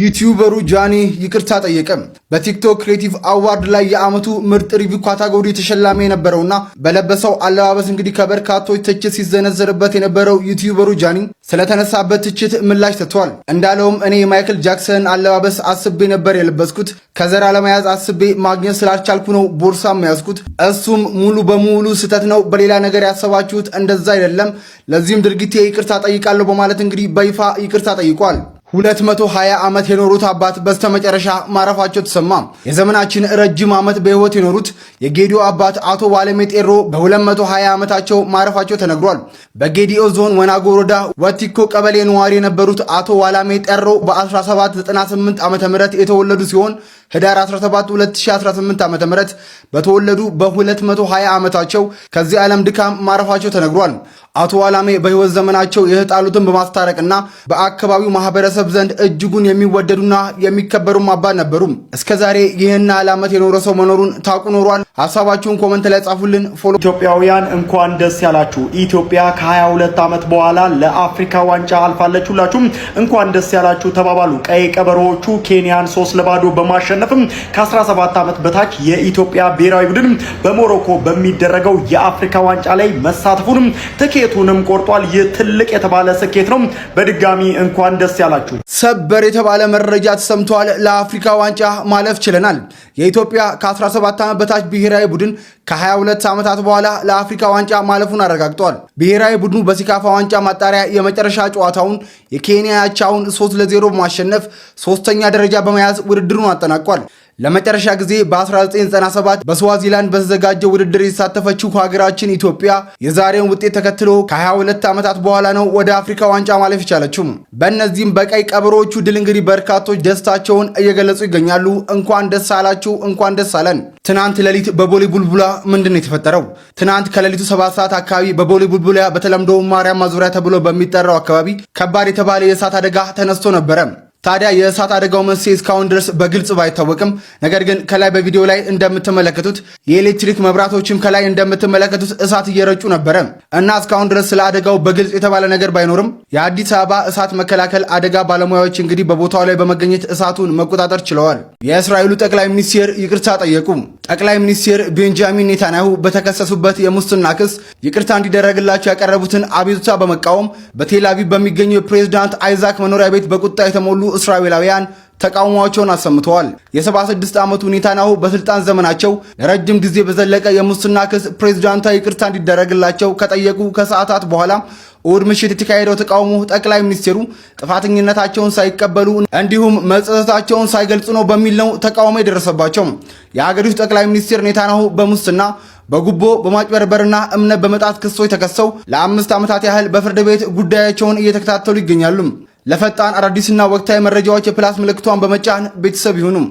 ዩቲዩበሩ ጃኒ ይቅርታ ጠየቀ። በቲክቶክ ክሬቲቭ አዋርድ ላይ የአመቱ ምርጥ ሪቪ ካታጎሪ ተሸላሚ የነበረውና በለበሰው አለባበስ እንግዲህ ከበርካቶች ትችት ሲዘነዘርበት የነበረው ዩቲዩበሩ ጃኒ ስለተነሳበት ትችት ምላሽ ሰጥቷል። እንዳለውም እኔ የማይክል ጃክሰን አለባበስ አስቤ ነበር የለበስኩት። ከዘራ ለመያዝ አስቤ ማግኘት ስላልቻልኩ ነው ቦርሳም ያዝኩት። እሱም ሙሉ በሙሉ ስህተት ነው። በሌላ ነገር ያሰባችሁት እንደዛ አይደለም። ለዚህም ድርጊቴ ይቅርታ ጠይቃለሁ በማለት እንግዲህ በይፋ ይቅርታ ጠይቋል። 220 ዓመት የኖሩት አባት በስተመጨረሻ ማረፋቸው ተሰማ። የዘመናችን ረጅም ዓመት በሕይወት የኖሩት የጌዲዮ አባት አቶ ዋለሜ ጤሮ በ220 ዓመታቸው ማረፋቸው ተነግሯል። በጌዲዮ ዞን ወናጎ ወረዳ ወቲኮ ቀበሌ ነዋሪ የነበሩት አቶ ዋላሜ ጤሮ በ1798 ዓ ም የተወለዱ ሲሆን ህዳር 17 2018 ዓ.ም በተወለዱ በ220 ዓመታቸው ከዚህ ዓለም ድካም ማረፋቸው ተነግሯል። አቶ ዋላሜ በሕይወት ዘመናቸው የህጣሉትን በማስታረቅና በአካባቢው ማህበረሰብ ዘንድ እጅጉን የሚወደዱና የሚከበሩም አባት ነበሩ። እስከ ዛሬ ይህን ዓላመት የኖረ ሰው መኖሩን ታውቁ ኖሯል? ሀሳባችሁን ኮመንት ላይ ጻፉልን። ፎሎ ኢትዮጵያውያን እንኳን ደስ ያላችሁ። ኢትዮጵያ ከ22 ዓመት በኋላ ለአፍሪካ ዋንጫ አልፋለች። ሁላችሁም እንኳን ደስ ያላችሁ ተባባሉ። ቀይ ቀበሮዎቹ ኬንያን ሶስት ለባዶ በማሸነፍ ቢሸነፍም ከ17 ዓመት በታች የኢትዮጵያ ብሔራዊ ቡድን በሞሮኮ በሚደረገው የአፍሪካ ዋንጫ ላይ መሳተፉንም ትኬቱንም ቆርጧል። ይህ ትልቅ የተባለ ስኬት ነው። በድጋሚ እንኳን ደስ ያላችሁ። ሰበር የተባለ መረጃ ተሰምተዋል። ለአፍሪካ ዋንጫ ማለፍ ችለናል። የኢትዮጵያ ከ17 ዓመት በታች ብሔራዊ ቡድን ከ22 ዓመታት በኋላ ለአፍሪካ ዋንጫ ማለፉን አረጋግጧል። ብሔራዊ ቡድኑ በሲካፋ ዋንጫ ማጣሪያ የመጨረሻ ጨዋታውን የኬንያ አቻውን 3 ለ0 በማሸነፍ ሶስተኛ ደረጃ በመያዝ ውድድሩን አጠናቋል። ተሳትፏል። ለመጨረሻ ጊዜ በ1997 በስዋዚላንድ በተዘጋጀው ውድድር የተሳተፈችው ሀገራችን ኢትዮጵያ የዛሬውን ውጤት ተከትሎ ከ22 ዓመታት በኋላ ነው ወደ አፍሪካ ዋንጫ ማለፍ የቻለችው። በእነዚህም በቀይ ቀበሮዎቹ ድል እንግዲህ በርካቶች ደስታቸውን እየገለጹ ይገኛሉ። እንኳን ደስ አላችሁ፣ እንኳን ደስ አለን። ትናንት ሌሊት በቦሌ ቡልቡላ ምንድን ነው የተፈጠረው? ትናንት ከሌሊቱ ሰባት ሰዓት አካባቢ በቦሌ ቡልቡላ በተለምዶ ማርያም ማዙሪያ ተብሎ በሚጠራው አካባቢ ከባድ የተባለ የእሳት አደጋ ተነስቶ ነበረ። ታዲያ የእሳት አደጋው መንስኤ እስካሁን ድረስ በግልጽ ባይታወቅም፣ ነገር ግን ከላይ በቪዲዮ ላይ እንደምትመለከቱት የኤሌክትሪክ መብራቶችም ከላይ እንደምትመለከቱት እሳት እየረጩ ነበረ እና እስካሁን ድረስ ስለ አደጋው በግልጽ የተባለ ነገር ባይኖርም የአዲስ አበባ እሳት መከላከል አደጋ ባለሙያዎች እንግዲህ በቦታው ላይ በመገኘት እሳቱን መቆጣጠር ችለዋል። የእስራኤሉ ጠቅላይ ሚኒስትር ይቅርታ ጠየቁ። ጠቅላይ ሚኒስትር ቤንጃሚን ኔታንያሁ በተከሰሱበት የሙስና ክስ ይቅርታ እንዲደረግላቸው ያቀረቡትን አቤቱታ በመቃወም በቴል አቪቭ በሚገኘው የፕሬዝዳንት አይዛክ መኖሪያ ቤት በቁጣ የተሞሉ እስራኤላውያን ተቃውሟቸውን አሰምተዋል። የ76 ዓመቱ ኔታንያሁ በስልጣን ዘመናቸው ለረጅም ጊዜ በዘለቀ የሙስና ክስ ፕሬዝዳንታዊ ይቅርታ እንዲደረግላቸው ከጠየቁ ከሰዓታት በኋላ እሁድ ምሽት የተካሄደው ተቃውሞ ጠቅላይ ሚኒስትሩ ጥፋተኝነታቸውን ሳይቀበሉ እንዲሁም መጸጸታቸውን ሳይገልጹ ነው በሚል ነው ተቃውሞ የደረሰባቸው። የሀገሪቱ ጠቅላይ ሚኒስትር ኔታንያሁ በሙስና በጉቦ በማጭበርበርና እምነት በመጣት ክሶች ተከሰው ለአምስት ዓመታት ያህል በፍርድ ቤት ጉዳያቸውን እየተከታተሉ ይገኛሉ። ለፈጣን አዳዲስና ወቅታዊ መረጃዎች የፕላስ ምልክቷን በመጫን ቤተሰብ ይሁኑም።